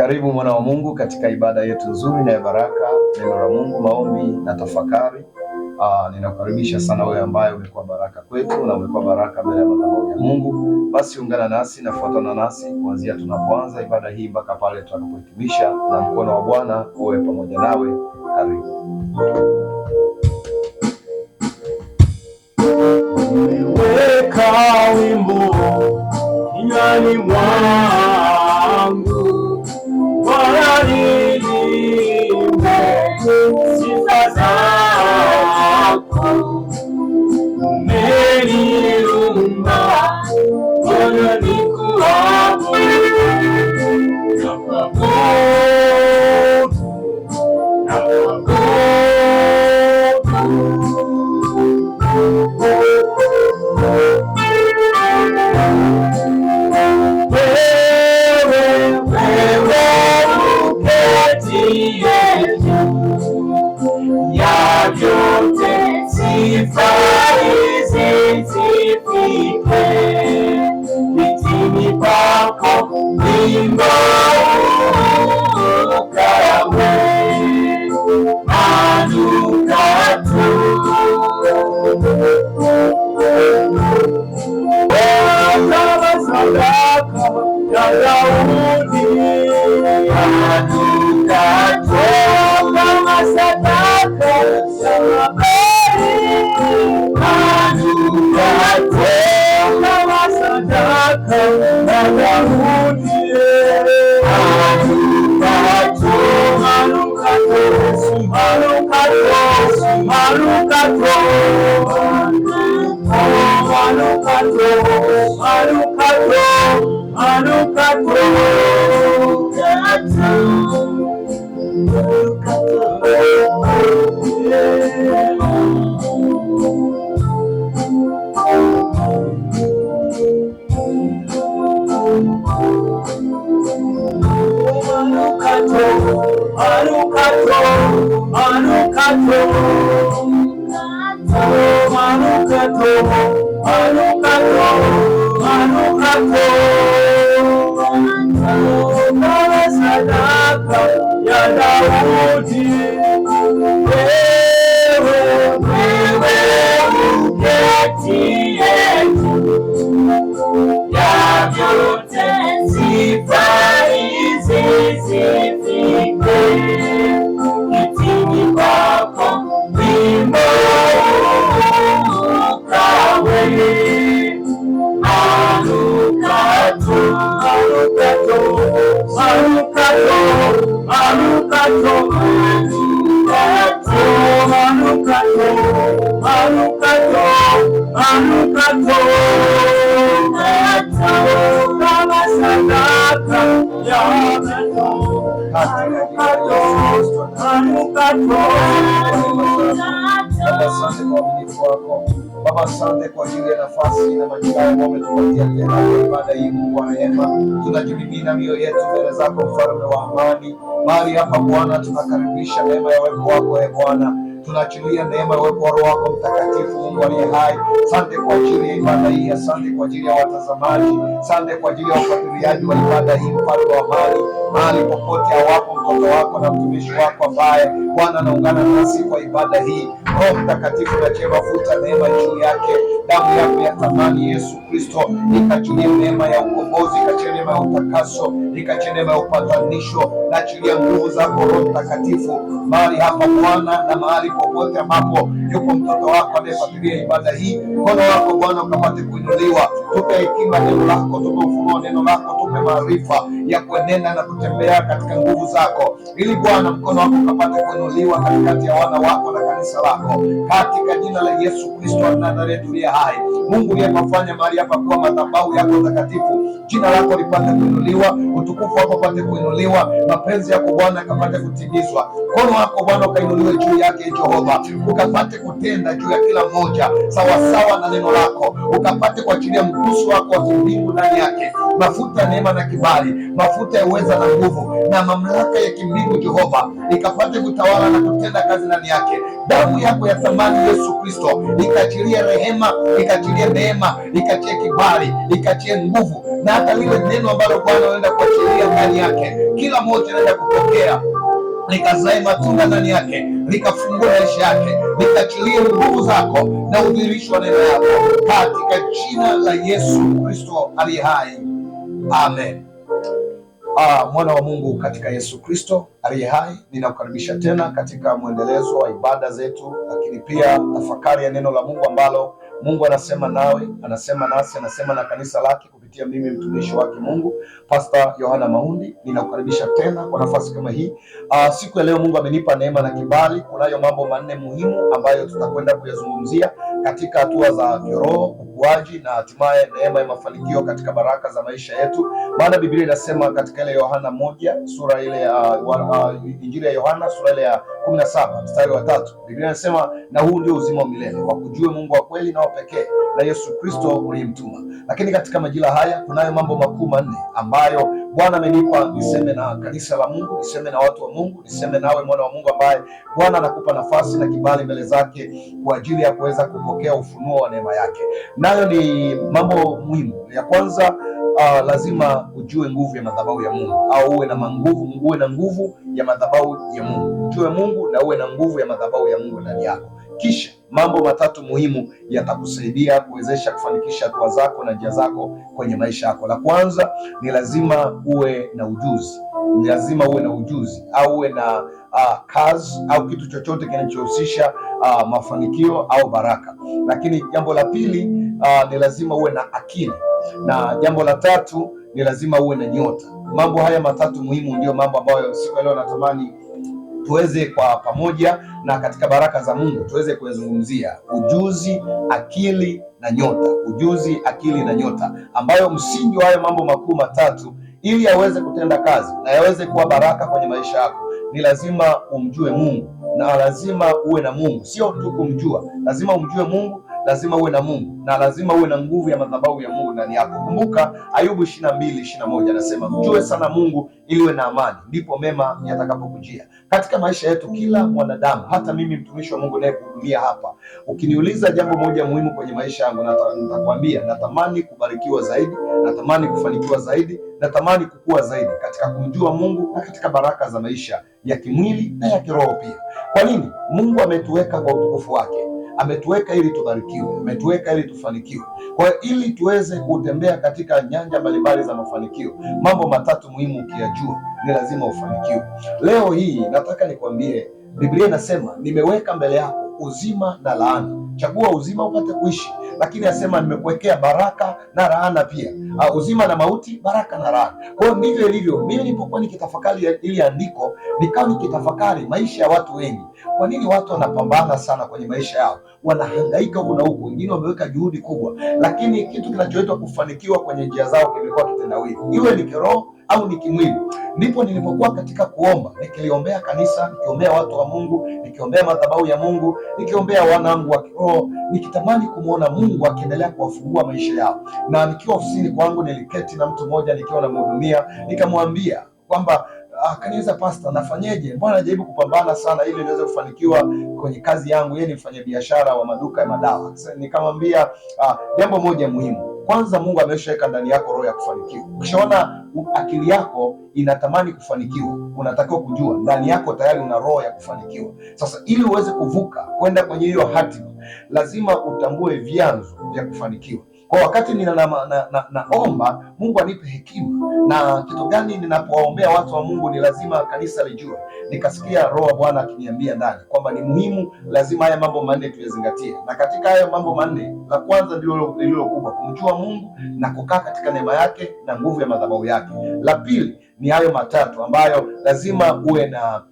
Karibu mwana wa Mungu katika ibada yetu nzuri na ya baraka, neno la Mungu, maombi na tafakari. Aa, ah, ninakukaribisha sana wewe ambaye umekuwa baraka kwetu na umekuwa baraka mbele ya madhabahu ya Mungu. Basi ungana nasi na fuatana nasi kuanzia tunapoanza ibada hii mpaka pale tunapohitimisha, na mkono wa Bwana uwe pamoja nawe. Karibu. Nimeweka wimbo kinywani mwangu Asante kwa uaminifu wako Baba, asante kwa ajili ya nafasi na majira ambayo umetupatia tena ibada hii. Mungu wa rehema, tunajimimina mioyo yetu mbele zako, mfalme wa amani. Mahali hapa Bwana, tunakaribisha neema ya uwepo wako, e Bwana tunaachilia neema ya uwepo wa Roho wako Mtakatifu, Mungu aliye hai. Asante kwa ajili ya ibada hii, asante kwa ajili ya watazamaji, asante kwa ajili ya wafuatiliaji wa ibada hii. Mfalme wa amani, mahali popote awapo mtoto wako na mtumishi wako ambaye Bwana anaungana nasi kwa ibada hii, Roho Mtakatifu nachee mafuta neema juu yake damu yako ya thamani Yesu Kristo, nikachilie neema ya ukombozi, nikachilie neema ya utakaso, nikachilie neema ya upatanisho, naachilia nguvu zako Roho Mtakatifu mahali hapa Bwana na mahali popote ambapo yuko mtoto wako anayefuatilia ibada hii, mkono wako Bwana ukapate kuinuliwa. Tupe hekima neno lako, tupe ufunuo neno lako, tupe maarifa ya kuenenda na kutembea katika nguvu zako, ili Bwana mkono wako ukapate kuinuliwa katikati ya wana wako na kanisa lako, katika jina la Yesu Kristo wa Nazareti uliye hai. Mungu uliyepafanya mahali hapa kuwa madhabahu yako takatifu, jina lako lipate kuinuliwa, utukufu wako upate kuinuliwa, mapenzi yako Bwana akapate kutimizwa. Mkono wako Bwana ukainuliwe juu yake Jehova, ukapate kutenda juu ya kila mmoja sawasawa na neno lako, ukapate kuachilia mguso wako wa kimbingu ndani yake, mafuta ya neema na kibali, mafuta ya uweza na nguvu na mamlaka ya kimbingu Jehova, ikapate kutawala na kutenda kazi ndani yake. Damu yako ya thamani Yesu Kristo ikaachilie rehema, ikaachilie neema, ikaachilie kibali, ikaachilie nguvu, na hata lile neno ambalo Bwana anaenda kuachilia ndani yake, kila mmoja anaenda kupokea likazae matunda ndani yake, likafungua maisha yake, likaachilie nguvu zako na udhihirisho wa neno yako, katika jina la Yesu Kristo aliye hai, amen. Ah, mwana wa Mungu katika Yesu Kristo aliye hai, ninakukaribisha tena katika mwendelezo wa ibada zetu, lakini pia tafakari ya neno la Mungu ambalo Mungu anasema nawe, anasema nasi, anasema na kanisa lake kupitia mimi mtumishi wake Mungu Pastor Yohana Mahundi. Ninakukaribisha tena kwa nafasi kama hii. Aa, ah, siku ya leo Mungu amenipa neema na kibali. Kunayo mambo manne muhimu ambayo tutakwenda kuyazungumzia katika hatua za kiroho, ukuaji na hatimaye neema ya mafanikio katika baraka za maisha yetu. Maana Biblia inasema katika ile Yohana moja sura ile ya uh, uh, Injili ya Yohana sura ile ya kumi na saba mstari wa tatu Biblia inasema na huu ndio uzima wa milele wakujue Mungu wa kweli na wa pekee na Yesu Kristo uliyemtuma. Lakini katika majira haya kunayo mambo makuu manne ambayo Bwana amenipa niseme na kanisa la Mungu, niseme na watu wa Mungu, niseme nawe mwana wa Mungu ambaye Bwana anakupa nafasi na kibali mbele zake kwa ajili ya kuweza kupokea ufunuo wa neema yake. Nayo ni mambo muhimu. Ya kwanza Uh, lazima ujue nguvu ya madhabahu ya Mungu au uwe na nguvu uwe na nguvu ya madhabahu ya Mungu. Ujue Mungu na uwe na nguvu ya madhabahu ya Mungu ndani yako. Kisha mambo matatu muhimu yatakusaidia kuwezesha kufanikisha hatua zako na njia zako kwenye maisha yako. La kwanza ni lazima uwe na ujuzi, ni lazima uwe na ujuzi au uwe na uh, kazi au kitu chochote kinachohusisha uh, mafanikio au baraka. Lakini jambo la pili uh, ni lazima uwe na akili, na jambo la tatu ni lazima uwe na nyota. Mambo haya matatu muhimu ndio mambo ambayo siku leo natamani tuweze kwa pamoja na katika baraka za Mungu tuweze kuzungumzia ujuzi, akili na nyota, ujuzi, akili na nyota, ambayo msingi wa hayo mambo makuu matatu ili yaweze kutenda kazi na yaweze kuwa baraka kwenye maisha yako ni lazima umjue Mungu na lazima uwe na Mungu, sio tu kumjua, lazima umjue Mungu lazima uwe na Mungu na lazima uwe na nguvu ya madhabahu ya Mungu ndani yako. Kumbuka Ayubu 22:21 anasema mjue sana Mungu ili uwe na amani, ndipo mema yatakapokujia. Katika maisha yetu kila mwanadamu, hata mimi mtumishi wa Mungu kuhudumia hapa, ukiniuliza jambo moja muhimu kwenye maisha yangu, nitakwambia natamani kubarikiwa zaidi, natamani kufanikiwa zaidi, natamani kukua zaidi katika kumjua Mungu na katika baraka za maisha ya kimwili na ya kiroho pia. Kwa nini? Mungu ametuweka kwa utukufu wake ametuweka ili tubarikiwe, ametuweka ili tufanikiwe. Kwa hiyo ili tuweze kutembea katika nyanja mbalimbali za mafanikio, mambo matatu muhimu ukiyajua, ni lazima ufanikiwe. Leo hii nataka nikwambie, Biblia inasema nimeweka mbele yako uzima na laana Chagua uzima upate kuishi, lakini asema nimekuwekea baraka na laana pia. Uh, uzima na mauti, baraka na laana. Kwa hiyo ndivyo ilivyo. Mimi nilipokuwa nikitafakari ili andiko, nikawa nikitafakari maisha ya watu wengi. Kwa nini watu wanapambana sana kwenye maisha yao, wanahangaika huku na huku, wengine wameweka juhudi kubwa, lakini kitu kinachoitwa kufanikiwa kwenye njia zao kimekuwa kitendawili, iwe ni kiroho au ni kimwili. Ndipo nilipokuwa katika kuomba, nikiliombea kanisa, nikiombea watu wa Mungu, nikiombea madhabahu ya Mungu, nikiombea wanangu wa kiroho, nikitamani kumwona Mungu akiendelea kuwafungua maisha yao. Na nikiwa ofisini kwangu, niliketi na mtu mmoja, nikiwa namhudumia, nikamwambia kwamba akaniuliza ah, pasta, nafanyeje? Mbona najaribu kupambana sana ili niweze kufanikiwa kwenye kazi yangu. Yeye ni mfanyabiashara wa maduka ya madawa. Nikamwambia ah, jambo moja muhimu kwanza Mungu ameshaweka ndani yako roho ya kufanikiwa. Ukishaona akili yako inatamani kufanikiwa, unatakiwa kujua ndani yako tayari una roho ya kufanikiwa. Sasa ili uweze kuvuka kwenda kwenye hiyo hatima, lazima utambue vyanzo vya kufanikiwa. Kwa wakati nina na, na, na, na Mungu anipe hekima na kitu gani ninapowaombea watu wa Mungu, ni lazima kanisa lijue. Nikasikia Roho wa Bwana akiniambia ndani kwamba ni muhimu, lazima haya mambo manne tuyazingatie, na katika haya mambo manne la kwanza ndilo lililo kubwa, kumjua Mungu na kukaa katika neema yake na nguvu ya madhabahu yake. La pili ni hayo matatu ambayo lazima uwe na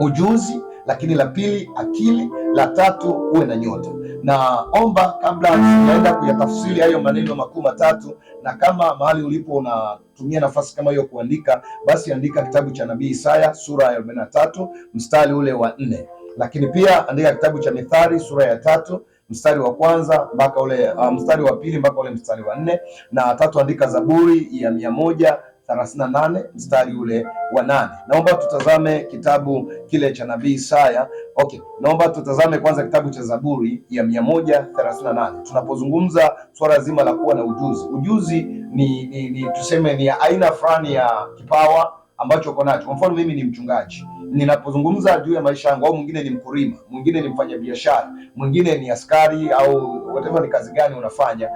ujuzi, lakini la pili akili, la tatu uwe na nyota naomba kabla sijaenda kuyatafsiri hayo maneno makuu matatu, na kama mahali ulipo unatumia nafasi kama hiyo kuandika, basi andika kitabu cha nabii Isaya sura ya 43 mstari ule wa nne, lakini pia andika kitabu cha Mithali sura ya tatu mstari wa kwanza mpaka ule uh, mstari wa pili mpaka ule mstari wa nne, na tatu andika Zaburi ya mia moja 38 mstari ule wa nane. Naomba tutazame kitabu kile cha nabii Isaya. Okay, naomba tutazame kwanza kitabu cha Zaburi ya 138. Tunapozungumza swala zima la kuwa na ujuzi, ujuzi ni, ni, ni tuseme ni aina fulani ya kipawa ambacho uko nacho. Kwa mfano mimi ni mchungaji, ninapozungumza juu ya maisha yangu, au mwingine ni mkulima, mwingine ni mfanyabiashara, mwingine ni askari au whatever, ni kazi gani unafanya,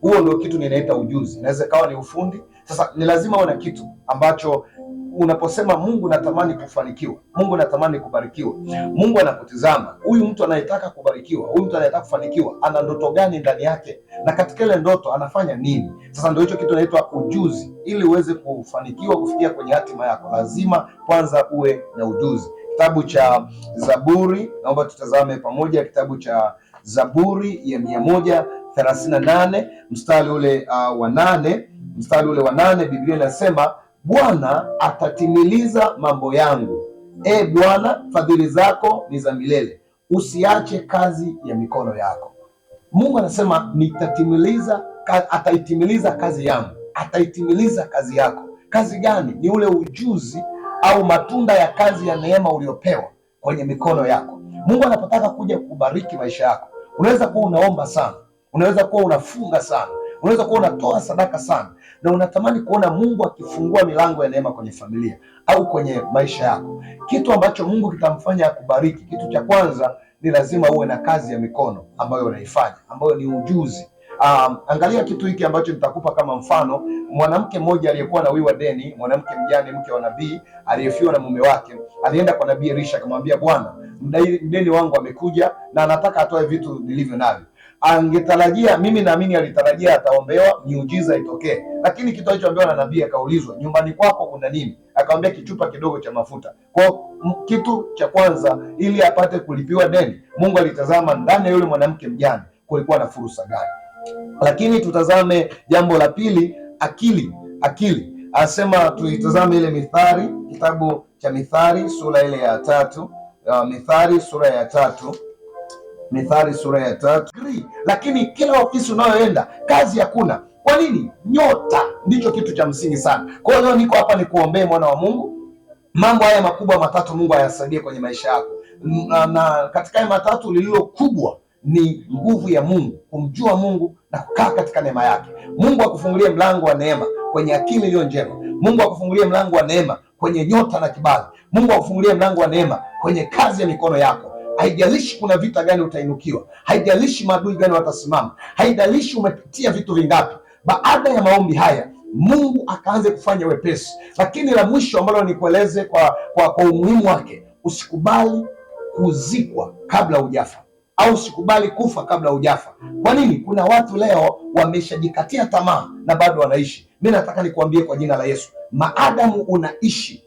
huo ndio kitu ninaita ujuzi. Naweza kawa ni ufundi sasa ni lazima uwe na kitu ambacho unaposema Mungu natamani kufanikiwa, Mungu natamani kubarikiwa, Mungu anakutizama huyu mtu anayetaka kubarikiwa, huyu mtu anayetaka kufanikiwa, ana ndoto gani ndani yake, na katika ile ndoto anafanya nini? Sasa ndio hicho kitu inaitwa ujuzi. Ili uweze kufanikiwa kufikia kwenye hatima yako, lazima kwanza uwe na ujuzi. Kitabu cha Zaburi, naomba tutazame pamoja, kitabu cha Zaburi ya mia moja thelathini na nane mstari ule uh, wa nane mstari ule wa nane Biblia inasema Bwana atatimiliza mambo yangu. E Bwana, fadhili zako ni za milele, usiache kazi ya mikono yako. Mungu anasema nitatimiliza, ataitimiliza kazi yangu, ataitimiliza kazi yako. Kazi gani? Ni ule ujuzi au matunda ya kazi ya neema uliopewa kwenye mikono yako. Mungu anapotaka kuja kubariki maisha yako, unaweza kuwa unaomba sana, unaweza kuwa unafunga sana, unaweza kuwa unatoa sadaka sana na unatamani kuona Mungu akifungua milango ya neema kwenye familia au kwenye maisha yako, kitu ambacho Mungu kitamfanya akubariki, kitu cha kwanza ni lazima uwe na kazi ya mikono ambayo unaifanya ambayo ni ujuzi. Um, angalia kitu hiki ambacho nitakupa kama mfano. Mwanamke mmoja aliyekuwa na wiwa deni, mwanamke mjane, mke wa nabii aliyefiwa na mume wake, alienda kwa nabii Elisha akamwambia, Bwana, mdeni wangu amekuja na anataka atoe vitu nilivyo navyo angetarajia, mimi naamini alitarajia ataombewa miujiza itokee, lakini kitu alichoambiwa na nabii, akaulizwa nyumbani kwako kuna nini? Akamwambia kichupa kidogo cha mafuta. Kwa kitu cha kwanza, ili apate kulipiwa deni, Mungu alitazama ndani ya yule mwanamke mjane kulikuwa na fursa gani. Lakini tutazame jambo la pili, akili. Akili anasema tuitazame ile Mithali, kitabu cha Mithali sura ile ya tatu, uh, Mithali sura ya tatu Mithali sura ya tatu. Lakini kila ofisi unayoenda kazi hakuna. Kwa nini? Nyota ndicho kitu cha msingi sana. Kwa hiyo leo niko hapa nikuombee, mwana wa Mungu, mambo haya makubwa matatu Mungu ayasaidie kwenye maisha yako, na, na katika haya matatu lililo kubwa ni nguvu ya Mungu, kumjua Mungu na kukaa katika neema yake. Mungu akufungulie mlango wa neema kwenye akili iliyo njema. Mungu akufungulie mlango wa neema kwenye nyota na kibali. Mungu akufungulie mlango wa neema kwenye kazi ya mikono yako. Haijalishi kuna vita gani utainukiwa, haijalishi maadui gani watasimama, haijalishi umepitia vitu vingapi. Baada ya maombi haya Mungu akaanze kufanya wepesi. Lakini la mwisho ambalo nikueleze kwa, kwa, kwa umuhimu wake, usikubali kuzikwa kabla hujafa au usikubali kufa kabla hujafa. Kwa nini? Kuna watu leo wameshajikatia tamaa na bado wanaishi. Mi nataka nikuambie kwa jina la Yesu, maadamu unaishi,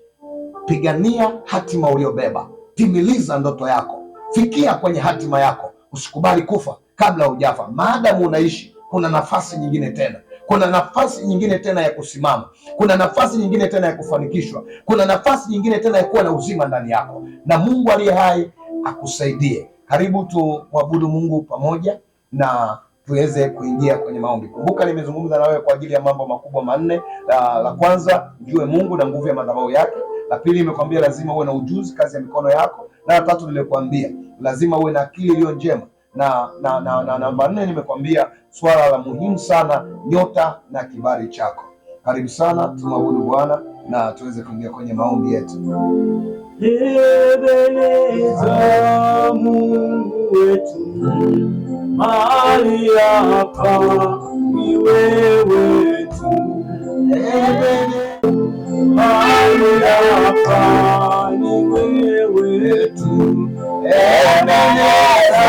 pigania hatima uliobeba, timiliza ndoto yako. Fikia kwenye hatima yako, usikubali kufa kabla hujafa. Maadamu unaishi, kuna nafasi nyingine tena kuna nafasi nyingine tena ya kusimama, kuna nafasi nyingine tena ya kufanikishwa, kuna nafasi nyingine tena ya kuwa na uzima ndani yako, na Mungu aliye hai akusaidie. Karibu tumwabudu Mungu pamoja na tuweze kuingia kwenye maombi. Kumbuka nimezungumza na wewe kwa ajili ya mambo makubwa manne. La, la kwanza mjue Mungu na nguvu ya madhabahu yake. La pili nimekwambia lazima uwe na ujuzi kazi ya mikono yako, na la tatu nimekwambia lazima uwe na akili iliyo njema, na na na na namba nne nimekwambia swala la muhimu sana, nyota na kibali chako. Karibu sana, tumwabudu Bwana na tuweze kuingia kwenye maombi yetu. Ebeleza Mungu wetu, mahali hapa ni wewe tu hapa ni wewe tu, Ebeneza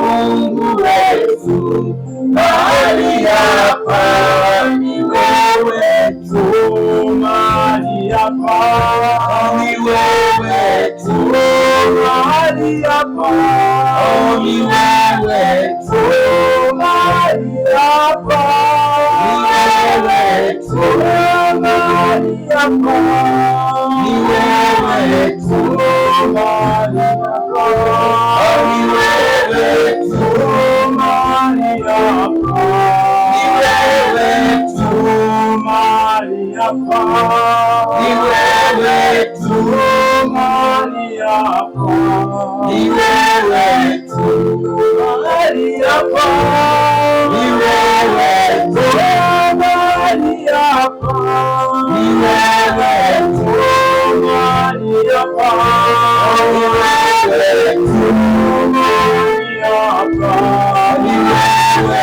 Mungu wetu, mahali hapa yako ni wewe tu, mali yako ni wewe tu, mali yako ni wewe tu, mali yako ni wewe tu, mali yako ni wewe tu, mali yako Mungu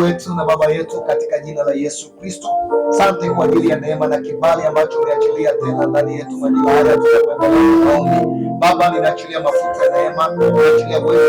wetu na Baba yetu katika jina la Yesu Kristo, asante kwa ajili ya neema na kibali ambacho umeachilia tena ndani yetu majira haya, tutakwenda maombi Baba, ninaachilia mafuta ya neema, ninaachilia uwezo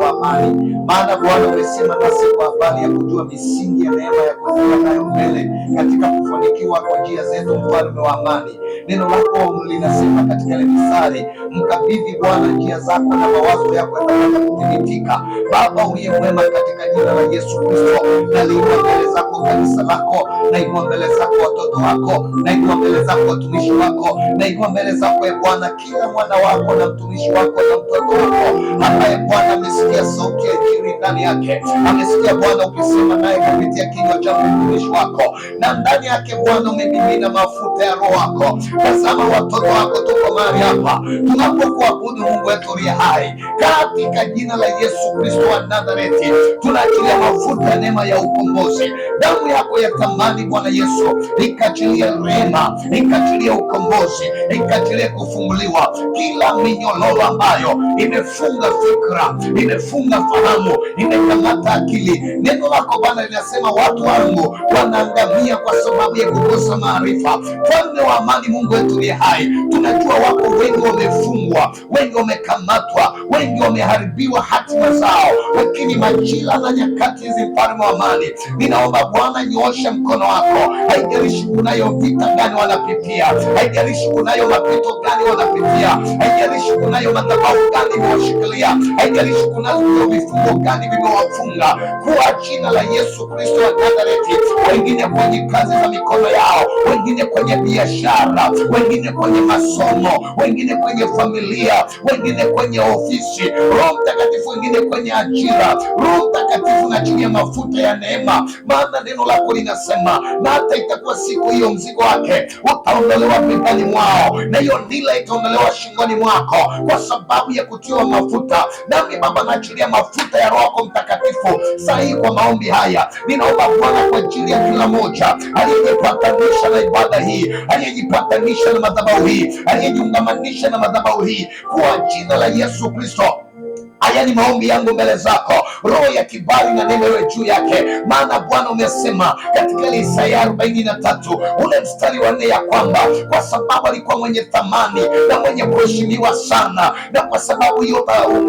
wa amani, maana Bwana umesema nasi kwa habari ya kujua misingi ya neema ya kuendelea nayo mbele katika kufanikiwa kwa njia zetu, mfalme wa amani. Neno lako linasema katika ile misari, mkabidhi Bwana njia zako na mawazo yako yatapata kuthibitika. Baba uliye mwema, katika jina la Yesu Kristo, na naliinua mbele zako kanisa lako, na nainua mbele zako watoto wako, na nainua mbele zako watumishi wako, na nainua mbele zako ya ee Bwana kila Bwana wako na mtumishi wako na mtoto wako ambaye Bwana amesikia sauti ya kiri ndani yake, amesikia Bwana ukisema naye kupitia kinywa cha mtumishi wako, na ndani yake Bwana umemimina mafuta ya Roho wako. Tazama watoto wako, tuko mahali hapa tunapokuabudu Mungu wetu uliye hai, katika jina la Yesu Kristo wa Nazareti tunaachilia mafuta ya neema ya ukombozi, damu yako ya thamani Bwana Yesu, ikaachilie rehema, ikaachilie ukombozi, ikaachilie kufunguliwa kila minyololo ambayo imefunga fikra, imefunga fahamu, imekamata akili. Neno lako Bwana linasema watu wangu wanaangamia kwa sababu ya kukosa maarifa. Mfalme wa amani, Mungu wetu ni hai, tunajua wako wengi wamefungwa, wengi wamekamatwa, wengi wameharibiwa hatima zao, lakini majira na nyakati hizi, mfalme wa amani, ninaomba Bwana nyoosha mkono wako. Haijalishi kunayo vita gani wanapitia, haijalishi kunayo mapito gani wanapitia haijalishi kunayo madhabahu gani imewashikilia, haijalishi kunazo vifungo gani vimewafunga. Kwa jina la Yesu Kristo wa Nazareti, wengine kwenye kazi za mikono yao, wengine kwenye biashara, wengine kwenye masomo, wengine kwenye familia, wengine kwenye ofisi, Roho Mtakatifu, wengine kwenye ajira, Roho Mtakatifu na mafuta ya neema, maana neno lako linasema na hata itakuwa siku hiyo mzigo wake itaondolewa begani mwao, na hiyo nila itaondolewa shingoni mwako kwa sababu ya kutiwa mafuta. Nami Baba naachilia mafuta ya Roho Mtakatifu sahihi kwa maombi haya. Ninaomba Bwana kwa ajili ya kila moja aliyejipatanisha na ibada hii, aliyejipatanisha na madhabahu hii, aliyejiungamanisha na madhabahu hii, kwa jina la Yesu Kristo. Haya ni maombi yangu mbele zako roho ya kibali na neno iwe juu yake, maana Bwana umesema katika Isaya arobaini na tatu ule mstari wa nne ya kwamba kwa sababu alikuwa mwenye thamani na mwenye kuheshimiwa sana, na kwa sababu hiyo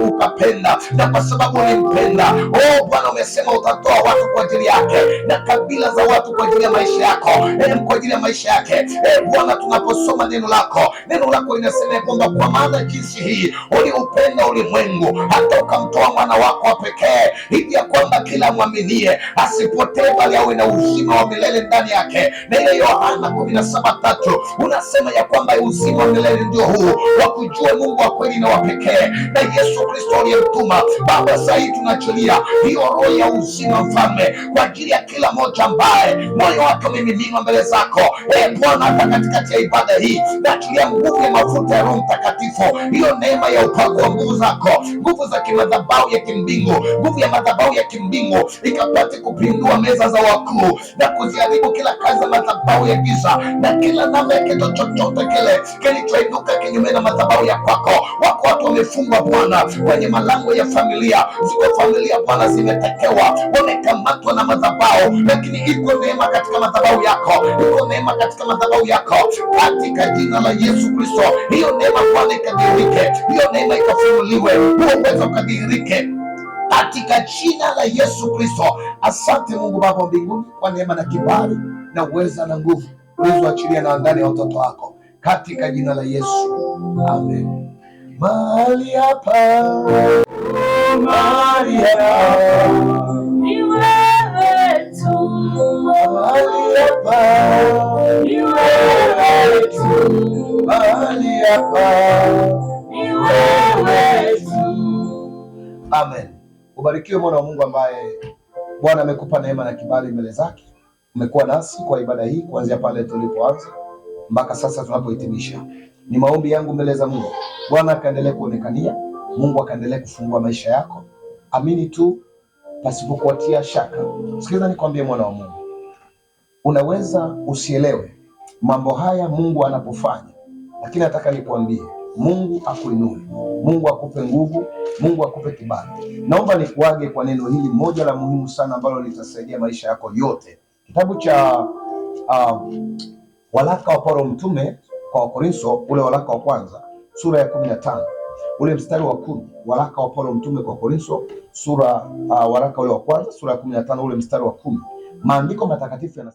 ukapenda, na kwa sababu ulimpenda, oh Bwana umesema utatoa watu kwa ajili yake na kabila za watu kwa ajili ya maisha yako, eh, kwa ajili ya maisha yake. Eh, Bwana, tunaposoma neno lako, neno lako linasema kwamba kwa maana jinsi hii uliupenda ulimwengu hata ukamtoa mwana wako wa pekee ili ya kwamba kila mwaminie asipotee bali awe na uzima wa milele ndani yake. Na ile Yohana kumi na saba tatu unasema ya kwamba uzima wa milele ndio huu wa kujua Mungu wa kweli na wa pekee na Yesu Kristo aliyemtuma. Baba, sahii hii hiyo roho ya uzima, Mfalme, kwa ajili ya kila mmoja ambaye moyo wake umemiminwa mbele zako. E Bwana, hata katikati ya ibada hii naachilia nguvu ya mafuta ya Roho Mtakatifu, hiyo neema ya upako wa nguvu zako, nguvu za kimadhabahu ya kimbingu nguvu ya madhabahu ya kimbingu ikapate kupindua meza za wakuu na kuziharibu kila kazi ya madhabahu ya giza na kila namna ya kitu chochote kile kilichoinuka kinyume na madhabahu ya kwako. Wako watu wamefungwa Bwana kwenye malango ya familia, ziko familia Bwana zimetekewa, wamekamatwa na madhabahu, lakini iko neema katika madhabahu yako, iko neema katika madhabahu yako katika jina la Yesu Kristo. Hiyo neema Bwana ikadhihirike, hiyo neema ikafunuliwe, huo uwezo ukadhihirike katika jina la Yesu Kristo. Asante Mungu Baba wa mbinguni kwa neema na kibali na uweza na nguvu ulizoachilia na ndani ya watoto wako katika jina la Yesu, amen. Mahali hapa, mahali hapa ni wewe tu, mahali hapa ni wewe tu, mahali hapa ni wewe tu, amen. Ubarikiwe mwana wa Mungu ambaye Bwana amekupa neema na kibali mbele zake. Umekuwa nasi kwa ibada hii kuanzia pale tulipoanza mpaka sasa tunapohitimisha. Ni maombi yangu mbele za Mungu, Bwana akaendelee kuonekania, Mungu akaendelee kufungua maisha yako. Amini tu pasipokuatia shaka. Sikiliza nikwambie, mwana wa Mungu, unaweza usielewe mambo haya Mungu anapofanya, lakini nataka nikwambie Mungu akuinue, Mungu akupe nguvu, Mungu akupe kibali. Naomba nikuage kwa neno hili moja la muhimu sana ambalo litasaidia maisha yako yote. Kitabu cha uh, um, walaka wa Paulo mtume kwa Wakorintho, ule walaka wa kwanza sura ya kumi na tano ule mstari wa kumi. Waraka wa Paulo mtume kwa Korintho sura uh, waraka ule wa kwanza sura ya kumi na tano ule mstari wa kumi. Maandiko matakatifu yana